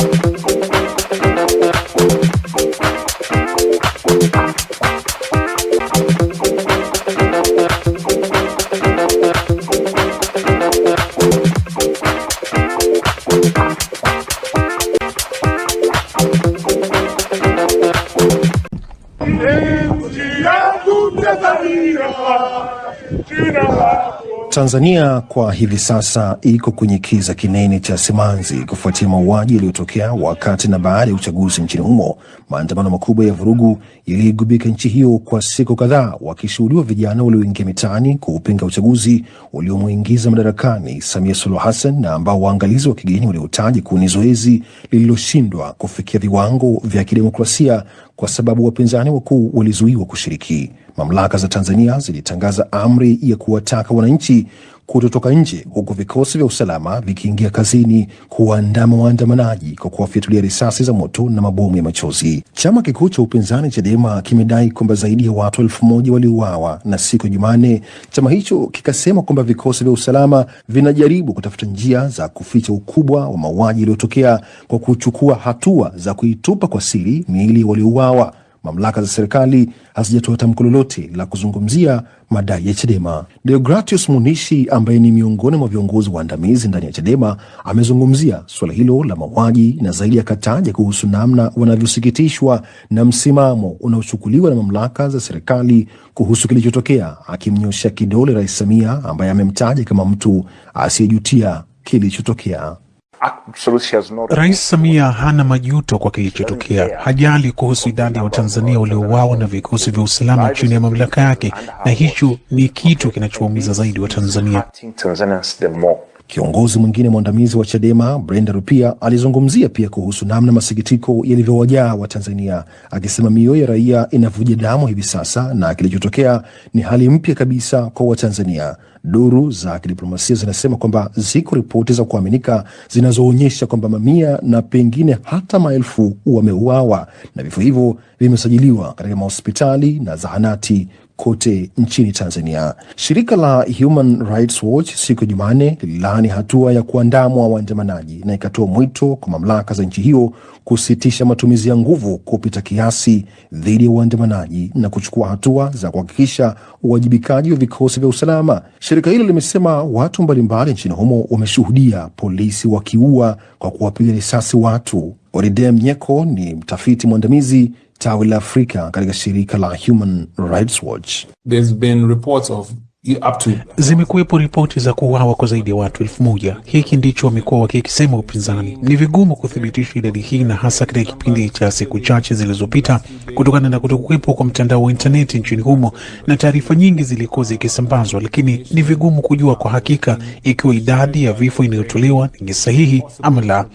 Thank you. Tanzania kwa hivi sasa iko kwenye kiza kinene cha simanzi kufuatia mauaji yaliyotokea wakati na baada ya uchaguzi nchini humo. Maandamano makubwa ya vurugu yaliigubika nchi hiyo kwa siku kadhaa, wakishuhudiwa vijana walioingia mitaani kuupinga uchaguzi uliomuingiza madarakani Samia Suluhu Hassan, na ambao waangalizi wa kigeni waliotaji kuwa ni zoezi lililoshindwa kufikia viwango vya kidemokrasia kwa sababu wapinzani wakuu walizuiwa kushiriki. Mamlaka za Tanzania zilitangaza amri ya kuwataka wananchi kutotoka nje huku vikosi vya usalama vikiingia kazini kuwaandama waandamanaji kwa kuwafyatulia risasi za moto na mabomu ya machozi. Chama kikuu cha upinzani Chadema kimedai kwamba zaidi ya watu elfu moja waliuawa, na siku ya Jumanne chama hicho kikasema kwamba vikosi vya usalama vinajaribu kutafuta njia za kuficha ukubwa wa mauaji yaliyotokea kwa kuchukua hatua za kuitupa kwa siri miili waliouawa mamlaka za serikali hazijatoa tamko lolote la kuzungumzia madai ya Chadema. Deogratius Munishi ambaye ni miongoni mwa viongozi waandamizi ndani ya Chadema amezungumzia suala hilo la mauaji na zaidi akataja kuhusu namna wanavyosikitishwa na msimamo unaochukuliwa na mamlaka za serikali kuhusu kilichotokea, akimnyosha kidole Rais Samia ambaye amemtaja kama mtu asiyejutia kilichotokea. Rais Samia hana majuto kwa kilichotokea. Hajali kuhusu idadi ya Watanzania waliouawa na vikosi vya usalama chini ya mamlaka yake, na hicho ni kitu kinachoumiza zaidi Watanzania. Kiongozi mwingine mwandamizi wa Chadema Brenda Rupia alizungumzia pia kuhusu namna masikitiko yalivyowajaa Watanzania, akisema mioyo ya raia inavuja damu hivi sasa na kilichotokea ni hali mpya kabisa kwa Watanzania. Duru za kidiplomasia zinasema kwamba ziko ripoti za kuaminika zinazoonyesha kwamba mamia na pengine hata maelfu wameuawa na vifo hivyo vimesajiliwa katika mahospitali na zahanati kote nchini Tanzania. Shirika la Human Rights Watch siku ya Jumanne lililaani hatua ya kuandamwa waandamanaji na ikatoa mwito kwa mamlaka za nchi hiyo kusitisha matumizi ya nguvu kupita kiasi dhidi ya waandamanaji na kuchukua hatua za kuhakikisha uwajibikaji wa vikosi vya usalama. Shirika hilo limesema watu mbalimbali nchini humo wameshuhudia polisi wakiua kwa kuwapiga risasi watu. Oridem Nyeko ni mtafiti mwandamizi tawi la Afrika katika shirika la Human Rights Watch. There's been reports of up to... zimekuwepo ripoti za kuuawa kwa zaidi ya watu elfu moja. Hiki ndicho wamekuwa wakikisema upinzani. Ni vigumu kuthibitisha idadi hii, na hasa katika kipindi cha siku chache zilizopita, kutokana na kutokuwepo kwa mtandao wa intaneti nchini humo, na taarifa nyingi zilikuwa zikisambazwa, lakini ni vigumu kujua kwa hakika ikiwa idadi ya vifo inayotolewa ni sahihi ama la.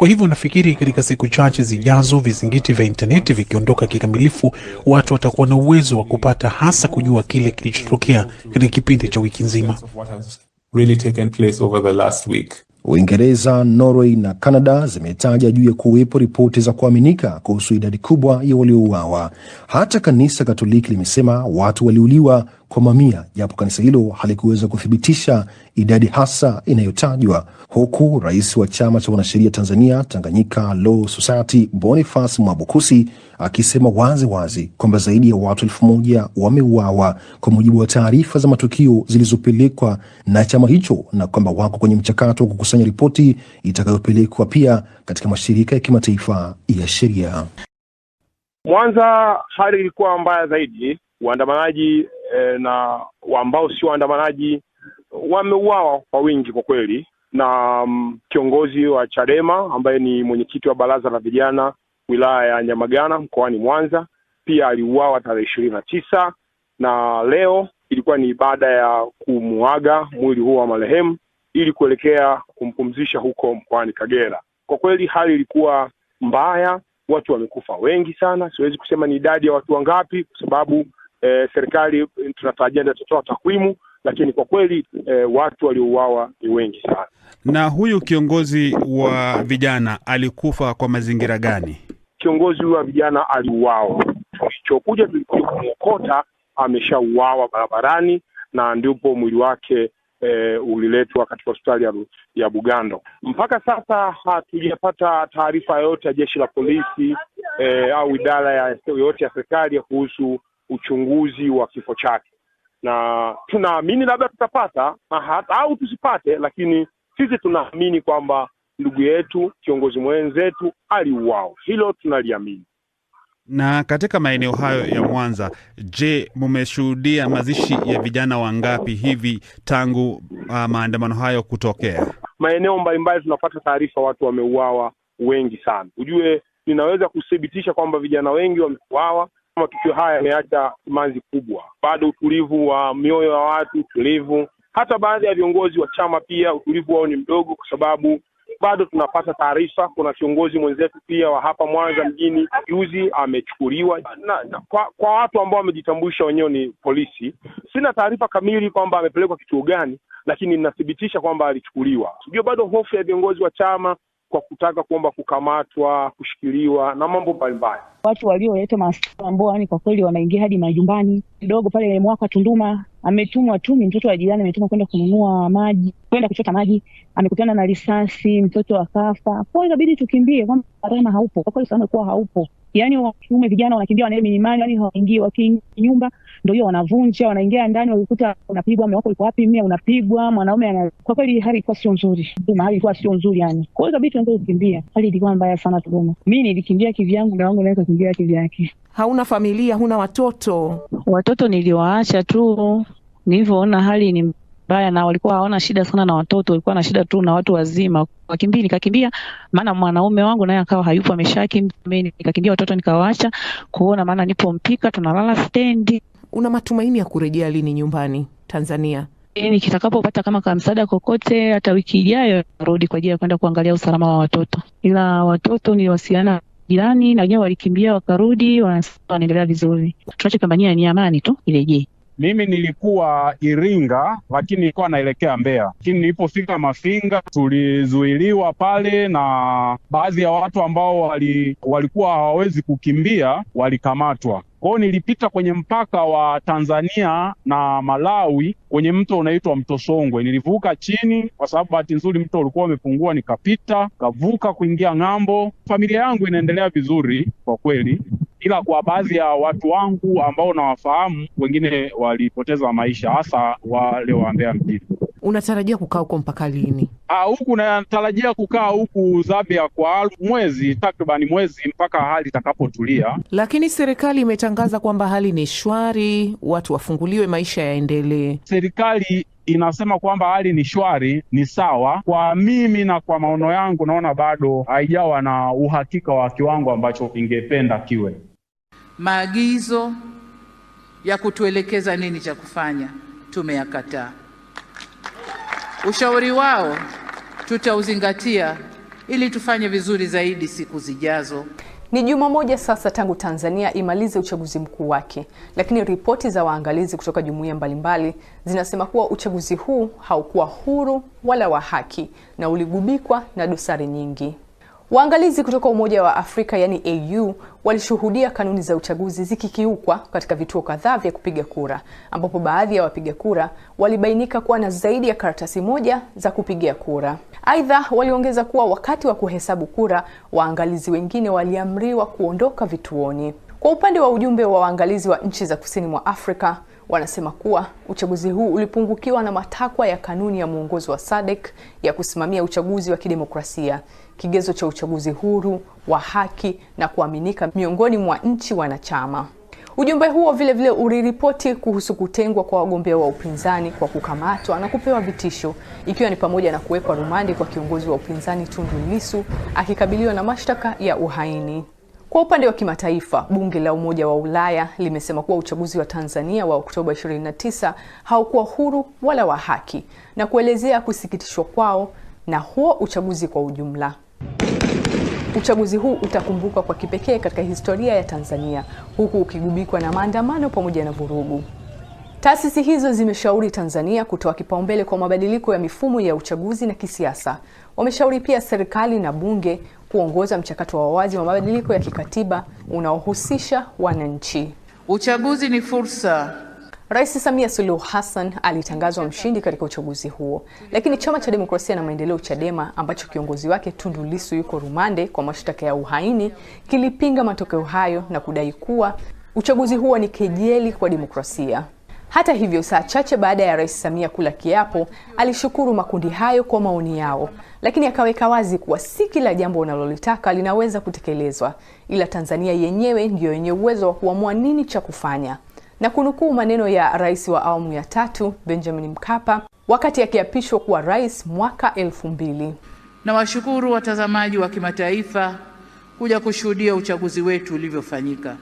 Kwa hivyo nafikiri katika siku chache zijazo, vizingiti vya intaneti vikiondoka kikamilifu, watu watakuwa na uwezo wa kupata hasa kujua kile kilichotokea katika kipindi cha wiki nzima. Uingereza, Norway na canada zimetaja juu ya kuwepo ripoti za kuaminika kuhusu idadi kubwa ya waliouawa. Hata kanisa Katoliki limesema watu waliuliwa kwa mamia, japo kanisa hilo halikuweza kuthibitisha idadi hasa inayotajwa, huku rais wa chama cha wanasheria Tanzania Tanganyika Law Society Boniface Mwabukusi akisema wazi wazi kwamba zaidi ya watu elfu moja wameuawa kwa mujibu wa taarifa za matukio zilizopelekwa na chama hicho na kwamba wako kwenye mchakato wa kukusanya ripoti itakayopelekwa pia katika mashirika ya kimataifa ya sheria. Mwanza hali ilikuwa mbaya zaidi waandamanaji e, na ambao sio waandamanaji wameuawa kwa wingi kwa kweli, na m, mm, kiongozi wa Chadema ambaye ni mwenyekiti wa baraza la vijana wilaya ya Nyamagana mkoani Mwanza pia aliuawa tarehe ishirini na tisa na leo ilikuwa ni ibada ya kumuaga mwili huo wa marehemu ili kuelekea kumpumzisha huko mkoani Kagera. Kwa kweli hali ilikuwa mbaya, watu wamekufa wengi sana. Siwezi kusema ni idadi ya watu wangapi, kwa sababu e, serikali e, tunatarajia itatoa takwimu, lakini kwa kweli e, watu waliouawa ni wengi sana. Na huyu kiongozi wa vijana alikufa kwa mazingira gani? Kiongozi wa vijana aliuawa, tulichokuja tulikuja kumwokota, ameshauawa barabarani na ndipo mwili wake E, uliletwa katika hospitali ya, ya Bugando. Mpaka sasa hatujapata taarifa yoyote ya jeshi la polisi e, au idara yoyote ya serikali kuhusu uchunguzi wa kifo chake, na tunaamini labda tutapata au tusipate, lakini sisi tunaamini kwamba ndugu yetu kiongozi mwenzetu aliuawa, hilo tunaliamini. Na katika maeneo hayo ya Mwanza, je, mumeshuhudia mazishi ya vijana wangapi hivi tangu uh, maandamano hayo kutokea? Maeneo mbalimbali tunapata taarifa watu wameuawa wengi sana. Ujue, ninaweza kuthibitisha kwamba vijana wengi wameuawa, Matukio haya yameacha simanzi kubwa, bado utulivu wa mioyo ya watu, utulivu hata baadhi ya viongozi wa chama pia utulivu wao ni mdogo, kwa sababu bado tunapata taarifa. Kuna kiongozi mwenzetu pia wa hapa Mwanza mjini juzi amechukuliwa na, na, kwa, kwa watu ambao wamejitambulisha wenyewe ni polisi. Sina taarifa kamili kwamba amepelekwa kituo gani, lakini ninathibitisha kwamba alichukuliwa. Sijua bado hofu ya viongozi wa chama kwa kutaka kuomba kukamatwa, kushikiliwa na mambo mbalimbali. Watu walioleta masuala ambao yani kwa kweli wanaingia hadi majumbani. Kidogo pale mwaka Tunduma ametumwa tu, ni mtoto wa jirani, ametumwa kwenda kununua maji, kwenda kuchota maji, amekutana na risasi, mtoto akafa. Kwa inabidi tukimbie, kwamba gharama haupo kwa kweli, sana kuwa haupo yani wa vijana wanakimbia wanaenda milimani, yani hawaingii, wakiingia nyumba ndio hiyo wanavunja, wanaingia ndani, walikuta unapigwa, mume wako yuko wapi? Mimi unapigwa, mwanaume ana. Kwa kweli hali ilikuwa sio nzuri, Dodoma hali ilikuwa sio nzuri yani. Kwa hiyo kabisa tuanze kukimbia, hali ilikuwa mbaya sana Dodoma. Mimi nilikimbia kivyangu, na wangu naweza kukimbia kivyake. Hauna familia, huna watoto? Watoto niliwaacha tu nilivyoona hali ni Ulaya na walikuwa hawana shida sana na watoto, walikuwa na shida tu na watu wazima. Wakimbia nikakimbia, maana mwanaume wangu naye akawa hayupo ameshakimbia, nikakimbia watoto nikawaacha kuona, maana nipo Mpika tunalala stendi. Una matumaini ya kurejea lini nyumbani Tanzania? E, nikitakapopata kama ka msaada kokote, hata wiki ijayo narudi kwa ajili ya kwenda kuangalia usalama wa watoto, ila watoto niliwasiliana jirani na wenyewe walikimbia wakarudi, wanaendelea vizuri. Tunachopambania ni amani tu irejee. Mimi nilikuwa Iringa, lakini nilikuwa naelekea Mbeya, lakini nilipofika Mafinga tulizuiliwa pale na baadhi ya watu ambao wali, walikuwa hawawezi kukimbia walikamatwa. Kwao nilipita kwenye mpaka wa Tanzania na Malawi kwenye mto unaitwa mto Songwe. Nilivuka chini, kwa sababu bahati nzuri mto ulikuwa umepungua, nikapita kavuka kuingia ng'ambo. Familia yangu inaendelea vizuri kwa kweli ila kwa baadhi ya watu wangu ambao nawafahamu wengine walipoteza maisha, hasa wale wa Mbeya mjini. Unatarajia kukaa huko mpaka lini? Ah, huku natarajia kukaa huku Zambia kwa mwezi takribani mwezi mpaka hali itakapotulia. Lakini serikali imetangaza kwamba hali ni shwari, watu wafunguliwe, maisha yaendelee. Serikali inasema kwamba hali ni shwari, ni sawa. Kwa mimi na kwa maono yangu, naona bado haijawa na uhakika wa kiwango ambacho ingependa kiwe maagizo ya kutuelekeza nini cha kufanya tumeyakataa. Ushauri wao tutauzingatia ili tufanye vizuri zaidi siku zijazo. Ni juma moja sasa tangu Tanzania imalize uchaguzi mkuu wake, lakini ripoti za waangalizi kutoka jumuiya mbalimbali zinasema kuwa uchaguzi huu haukuwa huru wala wa haki na uligubikwa na dosari nyingi. Waangalizi kutoka Umoja wa Afrika yaani AU walishuhudia kanuni za uchaguzi zikikiukwa katika vituo kadhaa vya kupiga kura, ambapo baadhi ya wapiga kura walibainika kuwa na zaidi ya karatasi moja za kupigia kura. Aidha, waliongeza kuwa wakati wa kuhesabu kura, waangalizi wengine waliamriwa kuondoka vituoni. Kwa upande wa ujumbe wa waangalizi wa nchi za Kusini mwa Afrika wanasema kuwa uchaguzi huu ulipungukiwa na matakwa ya kanuni ya mwongozo wa SADC ya kusimamia uchaguzi wa kidemokrasia, kigezo cha uchaguzi huru wa haki na kuaminika miongoni mwa nchi wanachama. Ujumbe huo vilevile uliripoti kuhusu kutengwa kwa wagombea wa upinzani kwa kukamatwa na kupewa vitisho, ikiwa ni pamoja na kuwekwa rumande kwa kiongozi wa upinzani Tundu Lissu akikabiliwa na mashtaka ya uhaini. Kwa upande wa kimataifa, bunge la Umoja wa Ulaya limesema kuwa uchaguzi wa Tanzania wa Oktoba 29 haukuwa huru wala wa haki na kuelezea kusikitishwa kwao na huo uchaguzi kwa ujumla. Uchaguzi huu utakumbukwa kwa kipekee katika historia ya Tanzania huku ukigubikwa na maandamano pamoja na vurugu. Taasisi hizo zimeshauri Tanzania kutoa kipaumbele kwa mabadiliko ya mifumo ya uchaguzi na kisiasa. Wameshauri pia serikali na bunge kuongoza mchakato wa wazi wa mabadiliko ya kikatiba unaohusisha wananchi. Uchaguzi ni fursa. Rais Samia Suluhu Hassan alitangazwa mshindi katika uchaguzi huo, lakini chama cha demokrasia na maendeleo CHADEMA ambacho kiongozi wake Tundu Lissu yuko rumande kwa mashtaka ya uhaini kilipinga matokeo hayo na kudai kuwa uchaguzi huo ni kejeli kwa demokrasia. Hata hivyo, saa chache baada ya Rais Samia kula kiapo, alishukuru makundi hayo kwa maoni yao, lakini akaweka wazi kuwa si kila jambo unalolitaka linaweza kutekelezwa, ila Tanzania yenyewe ndiyo yenye uwezo wa kuamua nini cha kufanya. Na kunukuu maneno ya Rais wa awamu ya tatu Benjamin Mkapa wakati akiapishwa kuwa rais mwaka elfu mbili. Nawashukuru watazamaji wa kimataifa kuja kushuhudia uchaguzi wetu ulivyofanyika.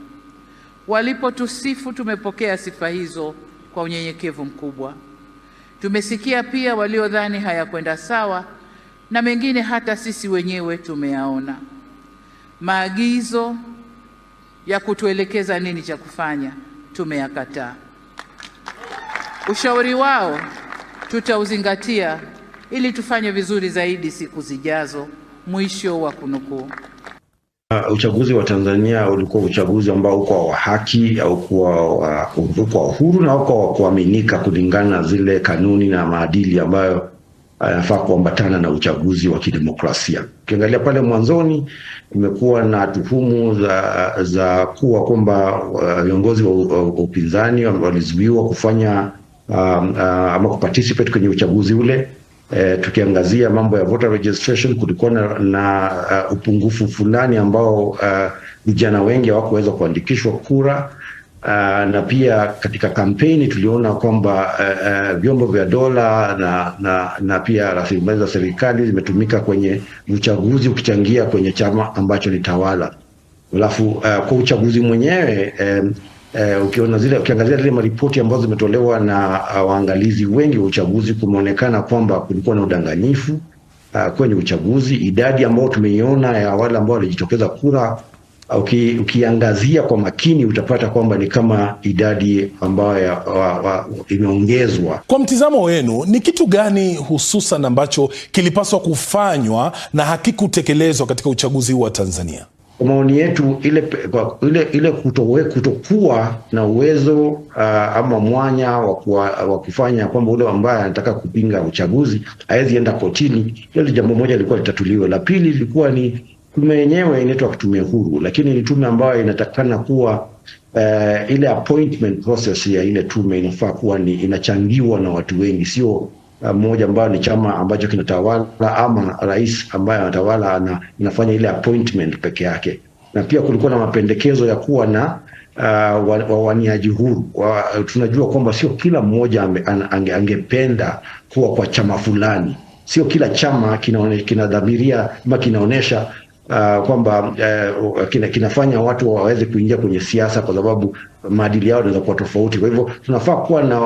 Walipotusifu tumepokea sifa hizo kwa unyenyekevu mkubwa. Tumesikia pia waliodhani hayakwenda sawa na mengine hata sisi wenyewe tumeyaona. Maagizo ya kutuelekeza nini cha kufanya tumeyakataa. Ushauri wao tutauzingatia ili tufanye vizuri zaidi siku zijazo. Mwisho wa kunukuu. Uh, uchaguzi wa Tanzania ulikuwa uchaguzi ambao uko wa haki au kwa uh, uhuru na uko wa kuaminika kulingana na zile kanuni na maadili ambayo uh, yanafaa uh, kuambatana na uchaguzi wa kidemokrasia. Ukiangalia pale mwanzoni, kumekuwa na tuhumu za, za kuwa kwamba uh, viongozi uh, wa upinzani walizuiwa kufanya um, uh, ama kuparticipate kwenye uchaguzi ule eh, tukiangazia mambo ya voter registration, kulikuwa na, na uh, upungufu fulani ambao uh, vijana uh, wengi hawakuweza kuandikishwa kura uh, na pia katika kampeni tuliona kwamba uh, uh, vyombo vya dola na, na, na pia rasilimali za serikali zimetumika kwenye uchaguzi ukichangia kwenye chama ambacho ni tawala, alafu uh, kwa uchaguzi mwenyewe um, Eh, ukiangazia zile maripoti ambazo zimetolewa na uh, waangalizi wengi wa uchaguzi kumeonekana kwamba kulikuwa na udanganyifu uh, kwenye uchaguzi. Idadi ambayo tumeiona ya wale ambao walijitokeza kura uh, uki, ukiangazia kwa makini utapata kwamba ni kama idadi ambayo imeongezwa. Kwa mtizamo wenu, ni kitu gani hususan ambacho kilipaswa kufanywa na hakikutekelezwa katika uchaguzi huu wa Tanzania? kwa maoni yetu ile, ile, ile kutowe, kutokuwa na uwezo uh, ama mwanya wa kufanya kwamba ule ambaye anataka kupinga uchaguzi awezi enda kotini. Hilo jambo moja lilikuwa litatuliwe. La pili lilikuwa ni tume yenyewe inaitwa tume huru, lakini ni tume ambayo inatakana kuwa uh, ile appointment process ya ile tume inafaa kuwa ni inachangiwa na watu wengi, sio Ah, mmoja ambayo ni chama ambacho kinatawala ama rais ambaye anatawala ana, inafanya ile appointment peke yake, na pia kulikuwa na mapendekezo ya kuwa na uh, ah, wawaniaji huru wa, tunajua kwamba sio kila mmoja ange, angependa kuwa kwa chama fulani, sio kila chama kinadhamiria kina ama kinaonesha uh, kwamba uh, kina, kinafanya watu waweze kuingia kwenye siasa kwa sababu maadili yao yanaweza kuwa tofauti. Kwa hivyo tunafaa kuwa na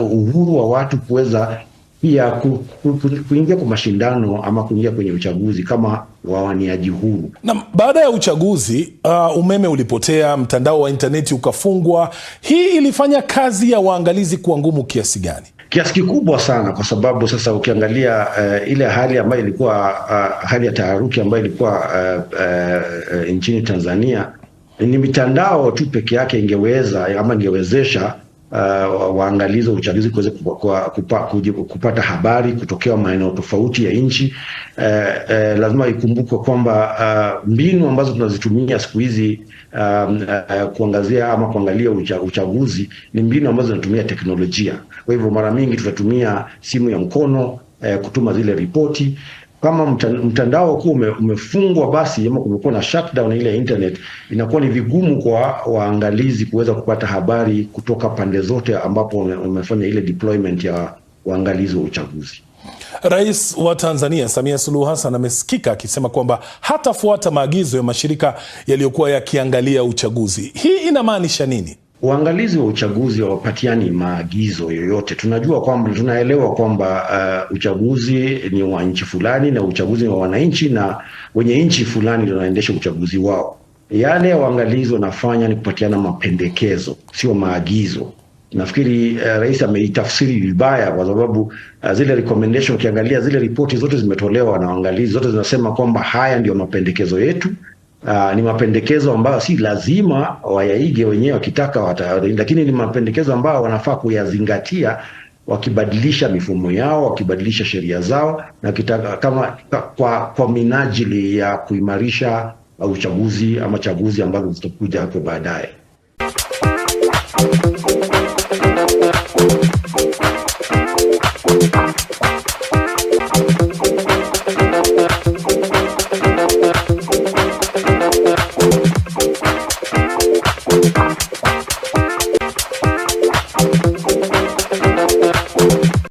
uhuru wa watu kuweza pia ku, ku, ku, kuingia kwa mashindano ama kuingia kwenye uchaguzi kama wawaniaji huru. Na baada ya uchaguzi uh, umeme ulipotea, mtandao wa intaneti ukafungwa. Hii ilifanya kazi ya waangalizi kuwa ngumu kiasi gani? kiasi kikubwa sana, kwa sababu sasa ukiangalia uh, ile hali ambayo ilikuwa uh, hali ya taharuki ambayo ilikuwa uh, uh, nchini Tanzania, ni mitandao tu peke yake ingeweza ama ingewezesha uh, waangalizi wa uchaguzi kuweza kupata habari kutokea maeneo tofauti ya nchi. Uh, uh, lazima ikumbukwe kwamba uh, mbinu ambazo tunazitumia siku hizi um, uh, kuangazia ama kuangalia ucha, uchaguzi ni mbinu ambazo zinatumia teknolojia. Kwa hivyo mara mingi tutatumia simu ya mkono uh, kutuma zile ripoti kama mtandao kuu umefungwa basi ama kumekuwa na shutdown ile ya internet, inakuwa ni vigumu kwa waangalizi kuweza kupata habari kutoka pande zote ambapo wamefanya ile deployment ya waangalizi wa uchaguzi. Rais wa Tanzania Samia Suluhu Hassan amesikika akisema kwamba hatafuata maagizo ya mashirika yaliyokuwa yakiangalia uchaguzi. Hii inamaanisha nini? Uangalizi wa uchaguzi hawapatiani maagizo yoyote. Tunajua kwamba tunaelewa kwamba uh, uchaguzi ni wa nchi fulani na uchaguzi ni wa wananchi na wenye nchi fulani ndio wanaendesha uchaguzi wao. Yale waangalizi wanafanya ni kupatiana mapendekezo, sio maagizo. Nafikiri uh, rais ameitafsiri vibaya kwa sababu uh, zile recommendation, ukiangalia zile ripoti zote zimetolewa na waangalizi, zote zinasema kwamba haya ndio mapendekezo yetu Uh, ni mapendekezo ambayo si lazima wayaige wenyewe wakitaka wata, lakini ni mapendekezo ambayo wanafaa kuyazingatia wakibadilisha mifumo yao, wakibadilisha sheria zao na kitaka, kama kwa, kwa minajili ya kuimarisha uchaguzi ama chaguzi ambazo zitakuja hapo baadaye.